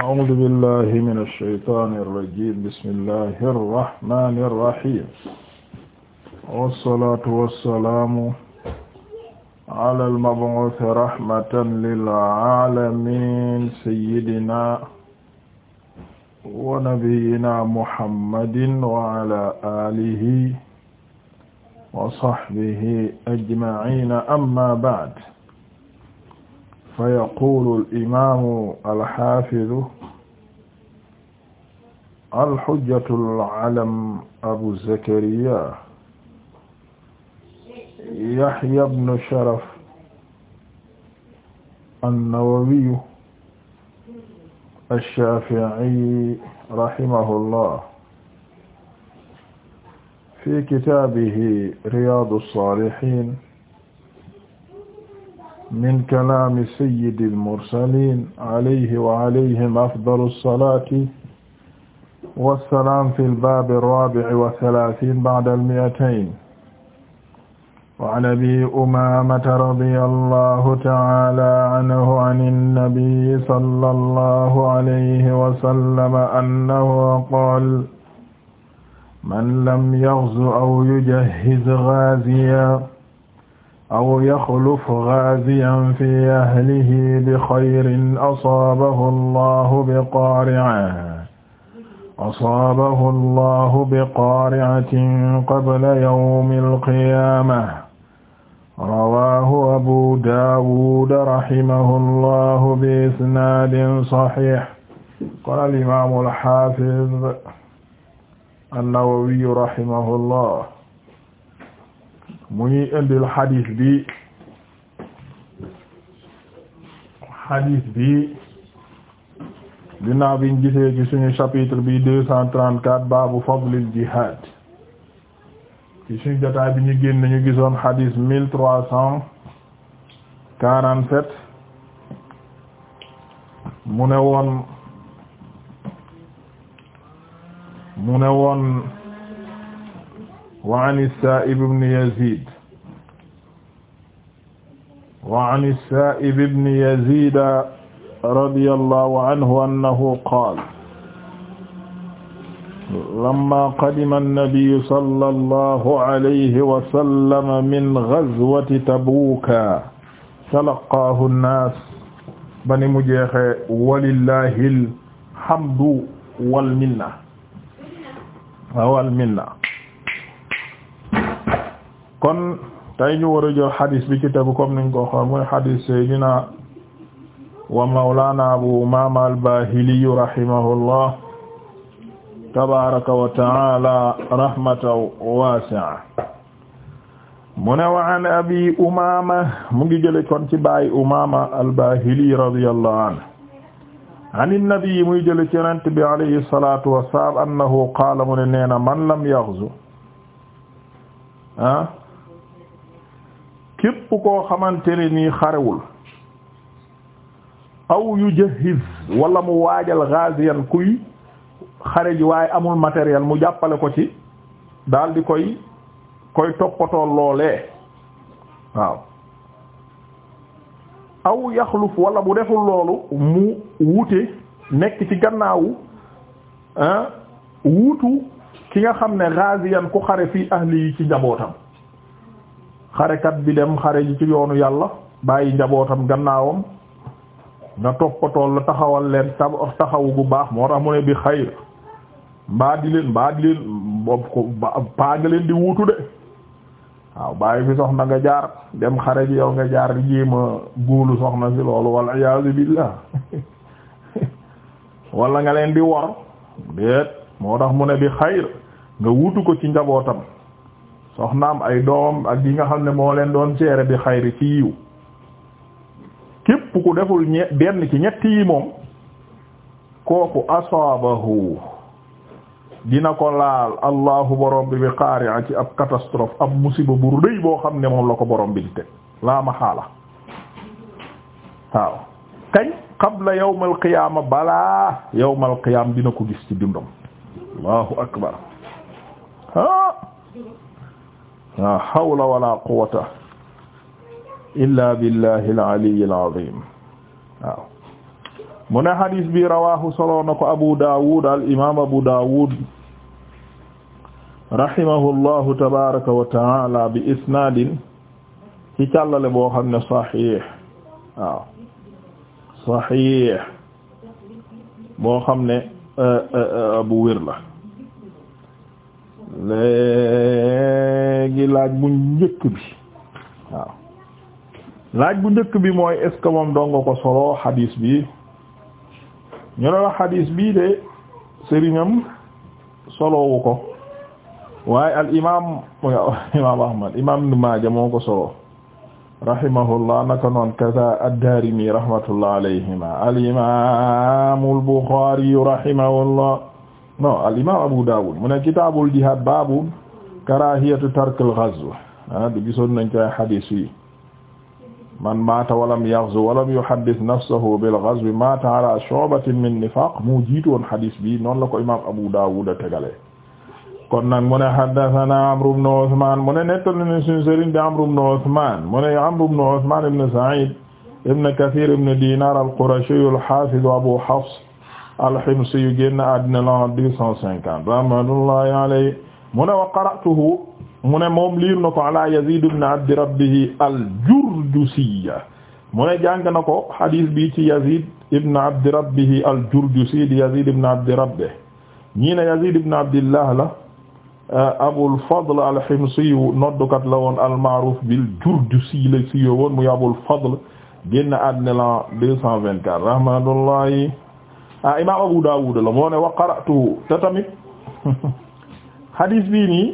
أعوذ بالله من الشيطان الرجيم بسم الله الرحمن الرحيم والصلاة والسلام على المبعوث رحمة للعالمين سيدنا ونبينا محمد وعلى آله وصحبه أجمعين أما بعد fa yaqulu al-imaamu al-haafidu al-hujjatu al-alam abu zakariyaa yahya ibnu sharaf an-nawawiyu ash-shaafi'i rahimahullah fi kitaabihi riyaadu s-saalihiin min kalaami sayyidil mursaliin alayhi wa alayhim afdalu salaati wa salaam fil baabi raabi'i wa salaasiina ba'dal mi'atayn wa an abii umaamata radiyallaahu ta'aalaa anhu anin nabiyyi sallallaahu alayhi wa sallam annahu qaala man lam yaghzu aw yujahhiz ghaaziyan aw yaxluf gaaziyan fi ahlihi bi xayrin asaabahu allahu bi qaari'a asaabahu allahu bi qaari'atin qabla yawmi alqiyaama rawaahu abu daawud rahimahu allahu bi isnaadin saxiix qaala al imaamu alxaafiz annawawiyu rahimahu allah mu ñuy indil bi xadis bi dinaaw bi gisee ci suñu chapitre bi deux cent trente-quatre baabu fadlil jihad ci suñu jotaay bi ñu génn ñu gisoon xadis mille trois cent quarante-sept mu ne woon mu ne woon wa an as-Sa'ib ibn Yazid wa an as-Sa'ib ibn Yazid radiyallahu anhu annahu qaala lamma qadima an-nabiyyu sallallahu alayhi wa sallam min ghazwati Tabuuka talaqqaahu an-naas ba ni mu jeexee walillahi al-hamdu wal minna wal minna kon tay ñu war a jël xadis bi ci tegu comme niñ ko xam mooy xadis sayyidina wa mawlana abu umama al-bahili rahimahullah tabaraka wa taala rahmatan wasi'a mu ne wa an abi umama mu ngi jële kon ci baay umama al-bahili radiyallahu anhu an an-nabi muy jële ci yonent bi alayhi salatu wassalam annahu qaala mu ne nee na man lam yaghzu ah képp koo xamante ne nii xarewul aw yu jahiz wala mu waajal ghaziyan kuy xare ji waaye amul matériel mu jàppale ko ci daal koy koy toppatoo loolee waaw aw yaxluf wala mu deful loolu mu wute nekk ci gannaawu ah, wuutu ki nga xam ne ghaziyan ku xare fii ahli yi ci njabootam xarekat bi dem xare ji ci yoonu yàlla bàyyi njabootam gannaawam nga toppatool la taxawal leen taxawu bu baax moo tax mu ne bi xayr mbaa di leen mbaa di leen paa nga wuutu de waaw bàyyi fi soxna jaar dem xare ji nga jaar jéema góolu soxna si loolu walla iyaazu billaah wala nga leen di wor déet moo tax mu ne bi xayr nga wuutu ko ci njabootam soxnaam ay doom ak yi nga xam ne moo leen doon seere bi xayri ci képp ku deful ñe benn ci ñetti yi moom kooku asaabahu dina ko laal allahu borom bi bi qaari'a ci ab catastrophe ab musiba bu rëy boo xam ne moom la ko borom bi di teg laa maxaala waaw kañ qabla yawmal qiyaama balaa yawmal qiyaam dina ko gis ci dundam allahu akbar ha la hawla wala quwwata illa billahi al-ali al-azim waaw mu ne hadis bi rawahu soloo na ko Abu Dawud al-imam Abu Dawud rahimahullahu tabaraka wa taala bi isnadin ci càllale boo xam ne sahih waaw sahih boo xam ne eh, eh, eh, bu wér la léegi laaj bu njëkk bi laaj bu njëkk bi mooy est ce moom dong ko solo xadiis bi ñu ne xadiis bii de sëriñam solowu ko waaye al imaam imaam Ahmad imaam Ibn Maaja moo ko solo rahimahullah naka noon kaza ad-Daarimi rahmatullah alayhima al imaamul Buxaari rahimahullah non al imam Abu Dawud mu ne kitaabul jihaad baabu karaahiyatu tarkil ghazw ah du gisoon nañ koy xadiis yi man maata walam yaghzu walam yuhaddis nafsahu bil ghazwi maata ala shu'batin min nifaaq mu jiitoon xadiis bi noonu la ko imam Abu Dawud a tegalee kon nag mu ne haddathana Amr ibn Uthman mu ne nettali na suñu sëriñ di Amr ibn Uthman mu ne Amr ibn Uthman ibn Sa'id ibn Kathir ibn Dinar al-Qurashi al-Hafiz Abu Hafs al-Himsi yu génn àddina la deux cent cinquante rahmatullahi alayhi mu ne wa qara'tuhu mu ne moom liir na ko ala Yazid ibn Abdi Rabbihi al-Jurjusi mu ne jàng na ko hadis bi ci Yazid ibn Abdi Rabbihi al-Jurjusi di Yazid ibn Abdi Rabbihi ñii ne Yazid ibn Abdillah la eh, Abul Fadl al-Himsi noddukat la woon al-ma'ruf bil-Jurjusi la siiwoon muy Abul Fadl génn àddina la deux cent vingt-quatre rahmatullahi ah imaam Abu Dawud la moo ne wa qara'tu te tamit hadis bii nii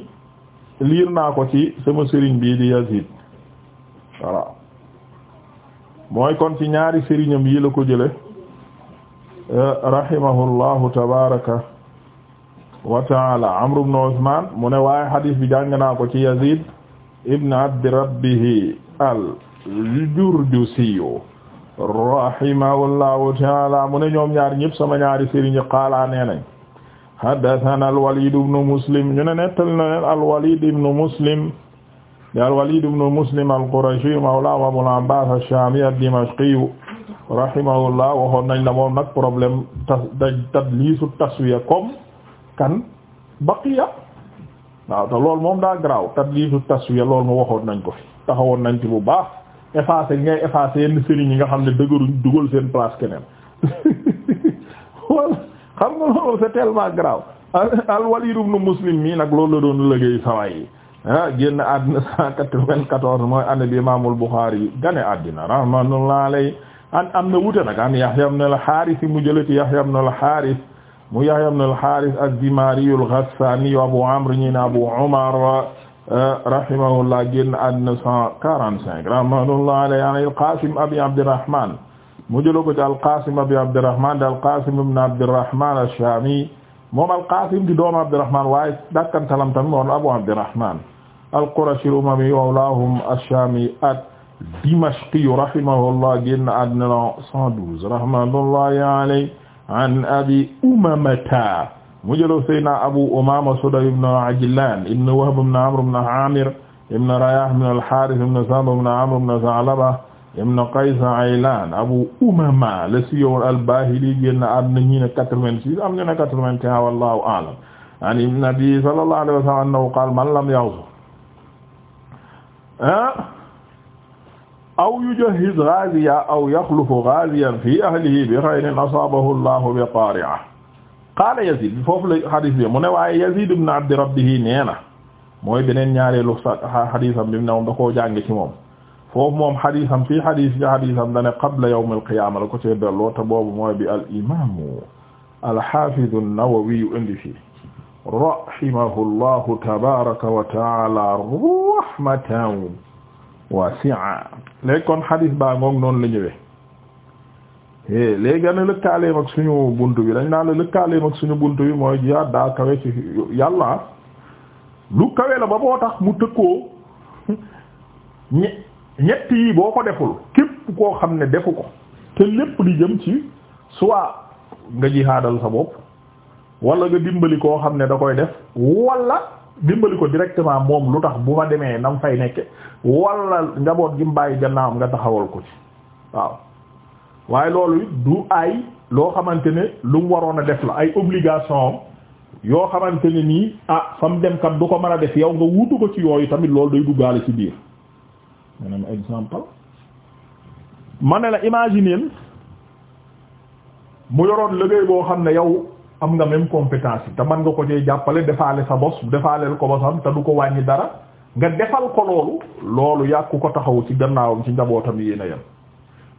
liir naa ko ci sama sëriñ bii di Yazid voilà mooy kon ci ñaari sëriñam yi la ko jële eh, rahimahullahu tabaraka wa taala Amr ibn Usman mu ne waaye hadis bi jàng naa ko ci Yazid ibn Abdi Rabbihi al-Jurjusiyu rahimahullahu taala ne ñoom ñaar ñëpp sama ñaari sëriñ qaala nee nañ haddathana al-Walid Muslim ñu ne nettal na leen al-Walid ibn Muslim di al-Walid ibn Muslim al-Qurashi mawla Abul Abbas ash waxoon nañ na moom nag problème tas tadliisu taswiya comme kan baqiya waaw te loolu moom daa garaaw tadliisu taswiya loolu mu waxoon nañ ko fi taxawoon nañ ci bu baax effacer ngay effacer yenn sëriñ yi nga xam ne dëgëruñ dugal seen place keneen xam nga loolu c'est tellement grave al Walid ibn Muslim mii nag loolu la doon liggéey sawaay yi ah, génn àddina cent quatre-vingt-quatorze mooy année bi Imaamul gane àddina rahmatullahi alayhi an am na wuute nag an Yahya ibn al-Harith mu jële ci Yahya ibn al mu Yahya ibn al-Harith az-Zimari ghassani Abu Amr ñi Abu Umar rahimahullah génn àddina cent quarante cinq rahmatullah alayhi an al-Qasim abi Abdirrahman mu jëloon ko ci al-Qasim abi Abdirrahman di al-Qasim ibn Abdirrahman ash-Shami moom al-Qasim di doomu Abdirrahman waaye dakkantalam tamit moom Abu Abdirrahman al-Qurashi al-Umawi mawlahum ash-Shami ad-Dimashqi rahimahullah génn àddina cent douze rahmatullahi alayhi an Abi Umamata mu jëlo sayyidina Abu Umaama Sudayy ibn Ajlaan ibn Wahb ibn Amr ibn Aamir ibn Rayah ibn al-Haarith ibn Sa'b ibn Amr ibn Tha'laba ibn Qays Aylaan Abu Umaama la siyowoon al-Baahili génn àdduna ñi ne quatre-vingt-six am ñu ne quatre-vingt-un wallaahu a'lam an an-nabi sallallahu alayhi wa sallam annahu qaala man lam yaghzu aw yujahhiz ghaziyan aw yakhlufu ghaziyan fi ahlihi bi khayrin asaabahu Allahu bi qaari'a qaala Yazid foofu la xadis bi mu ne waaye Yazid ibn Abdi Rabbihi nee na mooy beneen ñaareelu sa xadisam bi mu ne moom da koo jànge ci moom foofu moom xadisam fii xadis bi xadisam da ne qabla yawm al-qiyaama la ko cee delloo te boobu mooy bi al imaamu al-Haafiz an-Nawawi indi fii rahimahullahu tabaaraka wa ta'aala rahmatan wasi'a léegi kon xadis baa ngoog noonu la ñëwee Eh, léegi nga ne lëkkaaleem ak suñu buntu bi dañ naan la lëkkaaleem ak suñu buntu bi mooy jihaad daa kawe ci yàlla lu kawe la ba boo tax mu tëkkoo ñe ñett yi boo ko deful képp koo xam ne defu ko te lépp di jëm ci soit nga jihaadal sa bopp wala nga dimbali koo xam ne da koy def wala dimbali ko directement moom lu tax bu ma demee nam fay nekke wala njaboot gi mu bàyyi gannaawam nga taxawal ko ci waaw waaye loolu du ay loo xamante ne lu mu waroon a def la ay obligation yoo xamante ne nii ah fa mu dem kat du ko mën a def yow nga wuutu ko ci yooyu tamit loolu day duggaale ci biir maanaam ma ne la imaginer mu yoroon liggéey boo xam ne yow am nga même compétence te mën nga ko cee jàppale defaale sa bos defaaleel ko bosam te du ko wàññi dara nga defal ko loolu loolu yàgg ko taxawu ci gannaawam ci njabootam yéen a yem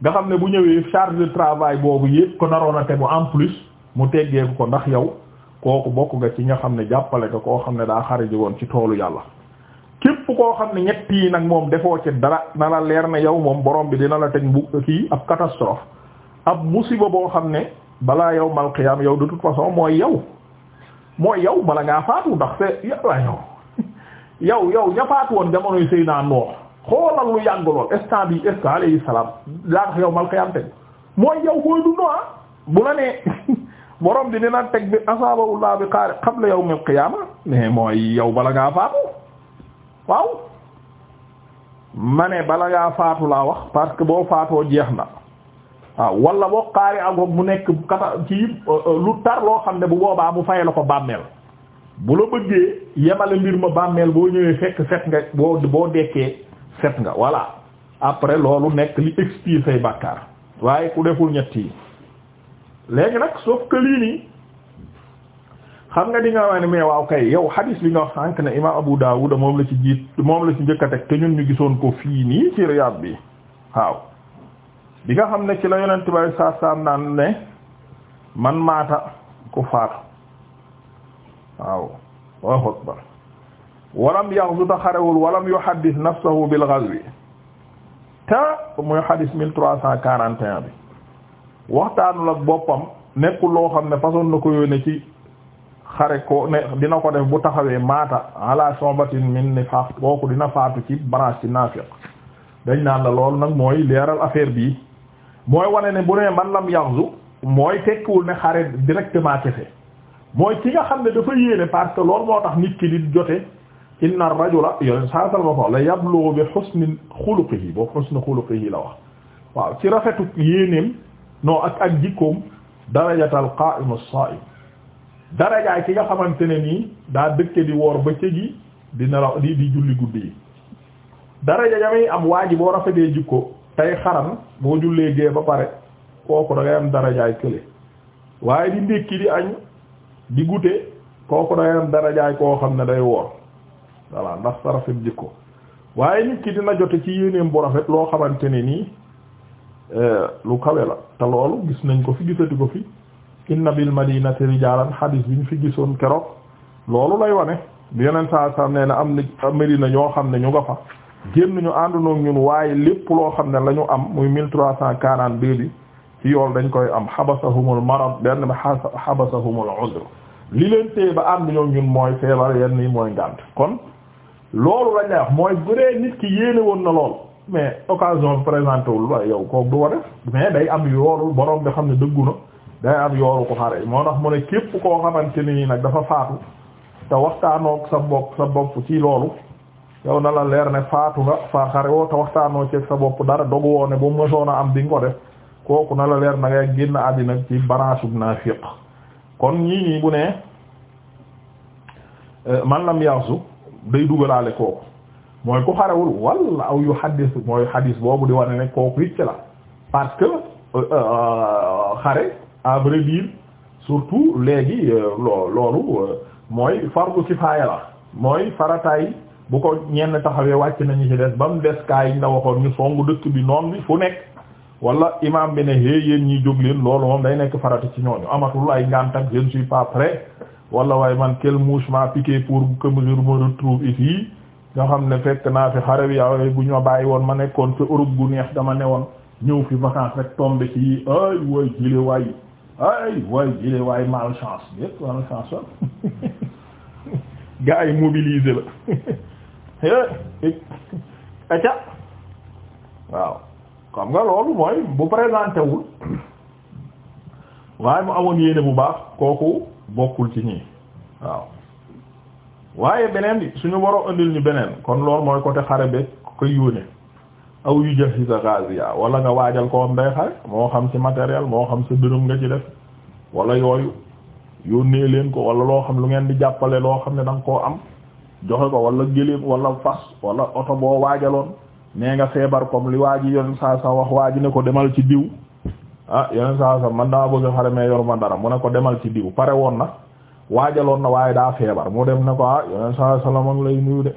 nga xam ne bu ñëwee charge de travail boobu yépp ko naroon a tegu en plus mu teggeeku ko ndax yow kooku bokk nga ci nga xam ne jàppale nga koo xam ne daa xariji woon ci toolu yàlla képp koo xam ne ñett yi nag moom defoo ci dara na la leer ne yow moom borom bi dina la teg bu kii ab catastrophe ab musiba boo xam ne balaa yow mal xiyaam yow de toute façon mooy yow mooy yow bala ngaa faatu ndax c'est yàlla yow yow yow ña faatu woon jamonoy Seydina Nuux xoolal lu yàgg lool instant bi est ce que alayhi salaam daa yow mal xiyaam teg mooy yow koy dund ah bu la nee borom di dina teg bi asaabahullah bi xaari qabla yawm al qiyaama mais mooy yow bala ngaa faatu waaw ma ne bala ngaa faatu laa wax parce que boo faatoo jeex na waaw wala boo xaari agoog mu nekk kata ci euh, lu tar loo xam ne bu boobaa mu fay la ko bàmmeel bu la bëggee yemale mbir ma bàmmeel boo ñëwee fekk fekk nga boo boo dekkee set nga voilà après loolu nekk li expire say bàkkaar waaye ku deful ñett yi léegi nag sauf que lii nii xam nga di nga wax ne mais waaw kay yow hadis li nga wax sànq ne imam Abu Dawud moom la ci jiit moom la ci njëkk teg te ñun ñu gisoon ko fii nii ci Riyad bi waaw bi nga xam ne ci la yonent bay saa saa naan ne man maata ku faatu waaw wa akbar walam yaxzu ta xarewul walam yuhaddis nafsahu bil ghazwi te muy xadis mille trois cent quarante bi waxtaanul ak boppam nekkul loo xam ne façon na ko yónnee ci xare ko ne dina ko def bu taxawee maata ala sombatin min nifaq kooku dina faatu ci branche ci naafiq dañ naan la loolu nag mooy leeral affaire bii mooy wane ne bu nee man lam yaxzu mooy tekkiwul ne xare directement kese mooy ki nga xam ne dafa yéene parce que moo tax nit ki inna ar-rajula yoneen saa salma ko la yablughu bi husni xuluqihi boo husni xuluqihi la wax waaw ci rafetu yéeneem non ak ak jikkoom darajatal qaa'im darajaay ki nga xamante ne nii daa dëkke di woor bëccëg yi di nelaw di di julli guddi yi daraja jamay am waa ji boo rafetee jikko tey xaram boo jullee gee ba pare kooku da ngay am darajaay kële waaye di ndékki di añ di gute kooku da ngay am darajaay koo xam ne day woor voilà ndax sa rafet waaye nit ki dina jote ci yéeneem bu rafet loo xamante ne nii euh, lu kawe la te loolu gis nañ ko fi gisati ko fi inna bil madinati rijalan hadis bi ñu fi gisoon keroog loolu lay wane yeneen saa saa nee na am na Medina ñoo xam ne ñu nga fa génn ñu àndandoo ñun waaye lépp loo xam ne la am muy mille trois cent quarante deux bi ci yool dañ koy am xabasahumul marad benn bi xabasahumul uzr li leen téye ba ànd ñoom ñun mooy feebar yenn yi mooy ngànt kon. loolu lañ lay wax mooy bu nit ki yéene woon na lool mais occasion présenté wul waaye yow kooku du ko mais day am yoolu borom bi xam ne dëggu na day am yoolu ko xare moo tax mu ne képp koo xamante ne nii nag dafa faatu te waxtaanook sa bopp sa bopp ci loolu yow na la leer ne faatu nga faa xare woo te sa bopp dara dogu woo ne bu a am di kooku na la leer na ngay génn àddina ci naa naafiq kon ñii bu ne euh, man lam yaasu day dugalaale kooku mooy ku xarewul wala aw yu xaddis mooy xaddis boobu di wane ne kooku it la parce que euh, euh, euh, xare à vrai surtout léegi loo loolu mooy si kifaaya la mooy farataay bu ko ñenn taxawee wàcc nañu ci des ba mu des kaa yi ñu la waxoon ñu songu dëkk bi noon bi fu nekk wala imam bi ne hé yéen ñi jóg leen loolu moom day nekk faratu ci ñooñu amatul ay ngàntak je ne suis pas prêt wala waaye man kel mouche m'a piqué pour que je me retrouve ici nga xam ne fekk naa fi xare bi waaye bu ñu ma bàyyi woon ma nekkoon fi Europe bu neex dama ne woon ñëw fi vacances rek tombé ci yi ay waay jile waay ay waay jile waay malchance yépp malchance wa gars yi mobilisé la eh, eh, aca waaw xam nga loolu mooy bu présenté waaye mu amoon yéene bu baax kooku bokkul ci ñii waaw waaye beneen bi ñu waroo indil ñu beneen kon loolu mooy côté xare be ko yónnee aw yu jël bi ghaziya wala nga waajal ko am day moo xam ci matériel moo xam sa dërëm nga ci def wala yooyu yónnee leen ko wala loo xam lu ngeen di jàppale loo xam ne danga koo am joxe ko wala gëléem wala fas wala oto boo waajaloon nee nga feebar comme li waa ji yoon saa sa wax waa ji ne ko demal ci diw ah yeneen saa sa man daa bëgg a xare mais yor ma dara mu ne ko demal ci diw pare woon na waajaloon na waaye daa feebar mu dem ne ko ah yeneen saa sa la ma ngi lay nuyu de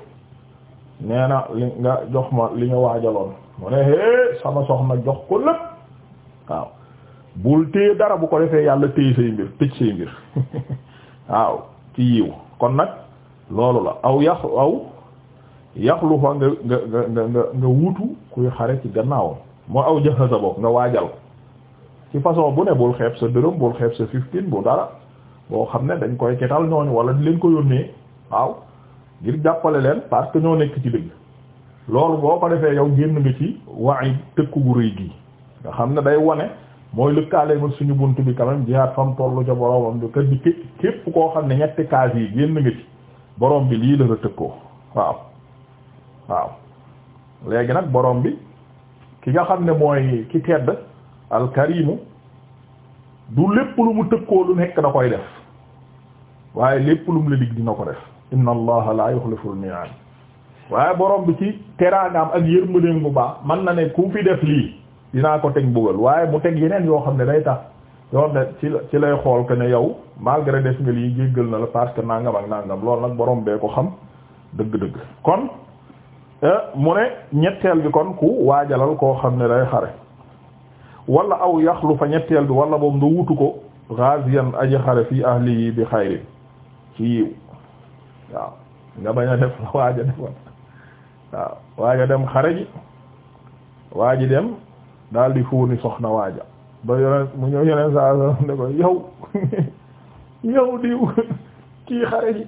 nee na li nga jox ma li nga waajaloon mu ne hee sama soxna jox ko lépp waaw bul téye dara bu ko defee yàlla téye say mbir tëj say mbir waaw ci yiw kon nag loolu la aw yax aw yaxlu fa nga nga nga nga nga wutu kuy xare ci gannaaw moo aw jaxasa boog nga waajal ci façon bu ne bul xeeb sa dërëm bul xeeb sa fifteen bu dara boo xam ne dañ koy ketal ñooñu wala di leen ko yónnee waaw ngir jàppale leen parce que ñoo nekk ci dëgg loolu boo ko defee yow génn nga ci waay tëkku gu rëy gi nga xam ne day wane mooy lëkkaale ma suñu bunt bi quand même jihaad fam tollu ca boromam bi kër bi képp koo xam ne ñetti kaas yi génn nga ci boroom bi lii la la tëkkoo waaw waaw léegi nag boroom bi ki nga xam ne mooy ki tedd alkarimu du lépp lu mu tëkkoo lu nekk da koy def waaye lépp lu mu la dig dina ko def inna allaha la yuxliful mi'ad waaye borom bi ci teraangaam ak yërmandeem bu baax man na ne ku fi def lii dinaa ko teg mbugal waaye mu teg yeneen yoo xam ne day tax yoo xam ne ci lay xool que ne yow malgré def nga lii jéggal na la parce que nangam ak nangam lool nag borom bee ko xam dëgg-dëgg kon eh, mu ne ñetteel bi kon ku waajalal koo xam ne day xare wala aw yaxlu fa ñetteel bi wala boobu nga wutu ko ghaziyan aji xare fii ahlihi bi xayrin ci yiw waaw nga bañ def waaja defoon waaw waaja dem xare ji waaji dem daal di fuuni soxna waaja ba yoneen mu ñëw yoneen saa yow diw kii xare ji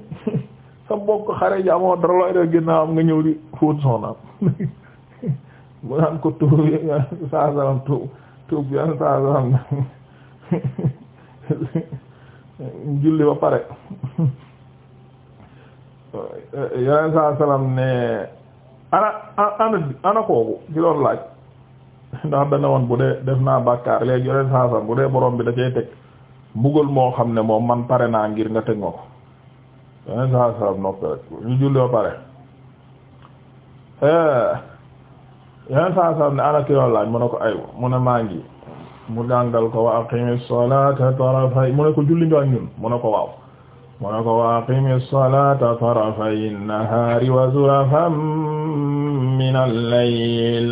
sa bokk xare ji amoo dara looy def ginnaaw am nga ñëw di fuuni soxnaam mu naan ko tuur saa saa tuur tuub bi yenn saa yoo xam ne julli ba pare yenn saa salaam ne ana ana kooku ci doon laaj ndax dana woon bu dee def naa bàkkaar léegi yenn saa salaam bu dee borom bi da teg mbugal moo xam ne moom man pare naa ngir nga teg ma ko yenn saa salaam noppi rek ñu julli ba pare. Eh. yeneen saa saa ne ana ki doon laaj mu ne ko aywa mu ne maa ngi mu jàngal ko wa aqimi salata tarafay mu ne ko julli nga ak ñun mu ne ko waaw mu ne ko wa aqimi salata tarafay nahari wa zulafan min al-layl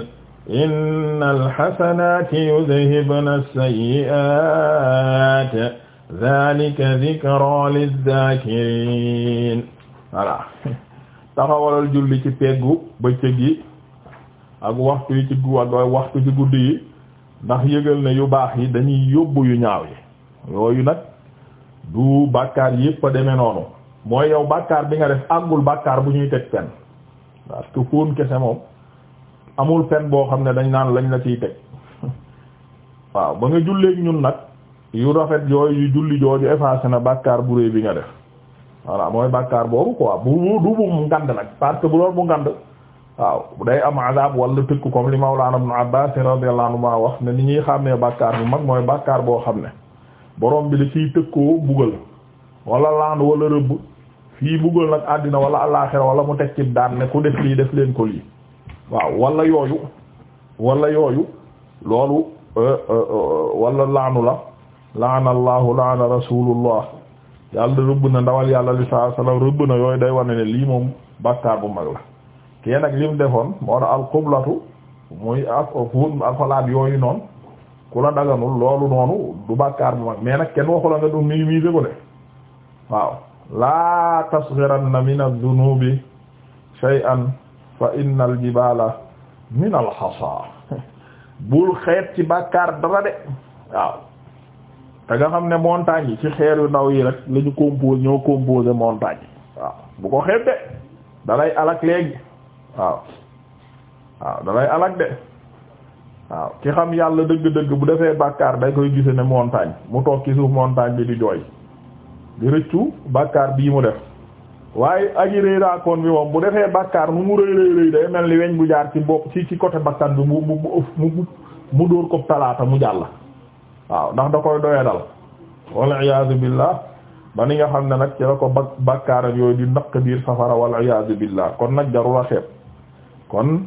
inna al-hasanati yudhhibna as-sayyi'at dhalika dhikra lidh-dhakirin voilà taxawalal julli ci peggu bëccëg yi ak waxtu yi ci gu ak waxtu ci guddi yi ndax yëgal ne yu baax yi dañuy yóbbu yu ñaaw yi yooyu nag du bàkkaar yépp a demee noonu mooy yow bàkkaar bi nga def àggul bàkkaar bu ñuy teg pen parce que fóon kese moom amul pen boo xam ne dañ naan lañ la ciy teg waaw ba nga julleek ñun nag yu rafet yooyu yu julli jooju effacé na bàkkaar bu réy bi nga def voilà mooy bàkkaar boobu quoi bu du bu ngand nag parce bu loolu bu ngand waaw day am azab wala tëkk comme li Mawlana Ibn Abbas radiyallahu anhuma wax ne ni ñuy xàmmee bàkkaar bu mag mooy bàkkaar boo xam ne borom bi li ciy tëkkoo bugal walla laan wala rëbb fii bugal nag àddina wala àllaaxira wala mu teg ci daan ne ku def lii def leen ko lii waaw walla yooyu wala yooyu loolu euh, euh, euh, wala laanu la laana allahu laana rasulullah yàlla rëbb na ndawal yàlla li saa sallam rëbb na yooyu day wane ne lii moom bàkkaar bu mag la kii nag lim defoon moo tax alqublatu muy af yooyu noonu ku la daganul loolu noonu du bàkkaar bu mag mais nag kenn waxu la nga du minimiser ko de waaw laa tasghiranna min min al-hasa bul xeet ci bàkkaar dara de waaw te nga xam ne montagne yi ci xeer yu ndaw yi rek la compose ñoo composé montagne waaw bu ko xeet de dalay alak léegi waaw waaw dalay alak de waaw ki xam yàlla dëgg-dëgg bu defee bàkkaar day koy gise ne montagne mu toog ci suuf montagne bi di jooy di rëccu bàkkaar bii mu def waaye aji rëy raakoon bi moom bu defee bàkkaar mu mu rëy rëy day mel ni weñ bu jaar ci bopp ci ci côté bakkan bi mu mu mu mu dóor ko talaata mu jàll waaw ndax da koy doyee dal wal iyaazu billaah ba ni nga xam ne nag ci la ko bak bàkkaaram yooyu di ndaq biir safara wal iyaazu billaah kon nag jarul a kon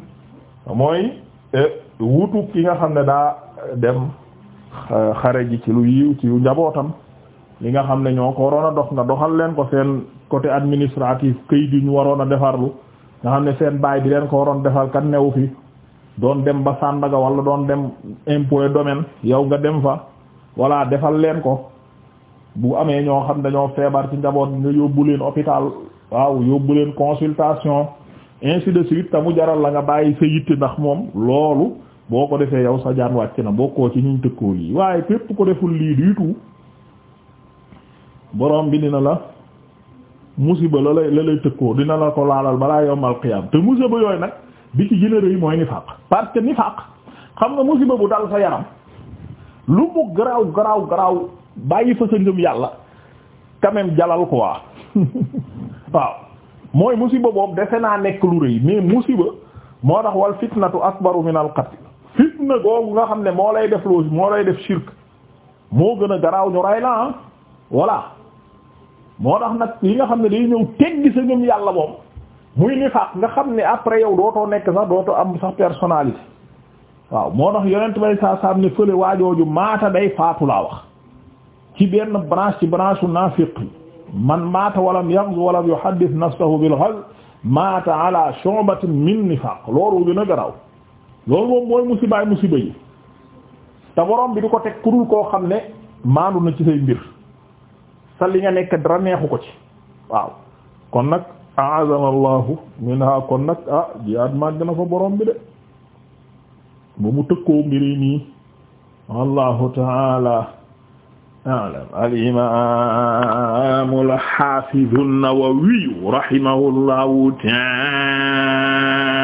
mooy e, wutu ki nga xam ne daa dem e, xare ji ci lu yiw ci njabootam li nga xam ne ñoo ko waroon a dox nga doxal leen ko seen côté administratif këyit yu ñu waroon a defarlu nga xam ne seen baay bi leen ko waroon defal kat newu fi doon dem ba Sandaga wala doon dem impôt domaine yow nga dem fa walla defal leen ko bu amee ñoo xam dañoo feebar ci njaboot nga yóbbu leen hôpital waaw yóbbu leen consultation ainsi de suite te jaral la nga bàyyi sa yitte ndax moom loolu boo ko defee yow sa jaan wàcc na bokkoo ci ñuñ tëkkoo lii waaye képp ko deful lii du tout borom bi dina la musiba la lay la lay tëkkoo dina la ko laalal balaa yowmal qiyam te musiba yooyu nag bi ci gën a rëy mooy nifaq parce que nifaq xam nga musiba bu dal sa yaram lu mu garaaw garaaw garaaw bàyyi fa sa ngëm yàlla quand même jalal quoi waaw mooy musiba boobu defe naa nekk lu rëy mais musiba moo tax wal fitnatu akbaru min al qatl fitna googu nga xam ne moo lay def loo moo lay def shirk moo gën a garaaw ñu ray la ah moo tax nag yi nga xam ne day ñëw teggi sa ñoom yàlla moom muy nifaaq nga xam ne après yow dootoo nekk sax dootoo am sax personnalité waaw moo tax yonent bay saa saam ne fële waajooju maata day faatu laa wax ci benn branche ci branche u naafiq man maata walam yaghzu walam yuhaddith nafsahu bil ghazw maata ala shu'batin min nifaq loolu gën a garaw loolu moom mooy musibaay musiba yi te borom bi ko teg kurul koo xam ne maandu na ci say mbir sa li nga nekk ko ci waaw kon nag a'azana allahu minha kon nag ah jihaad màgg fa borom de ba mu tëkkoo mbiri nii wallahu taala alam alimamu alhafidu nawawiyu rahimahullahu ta'ala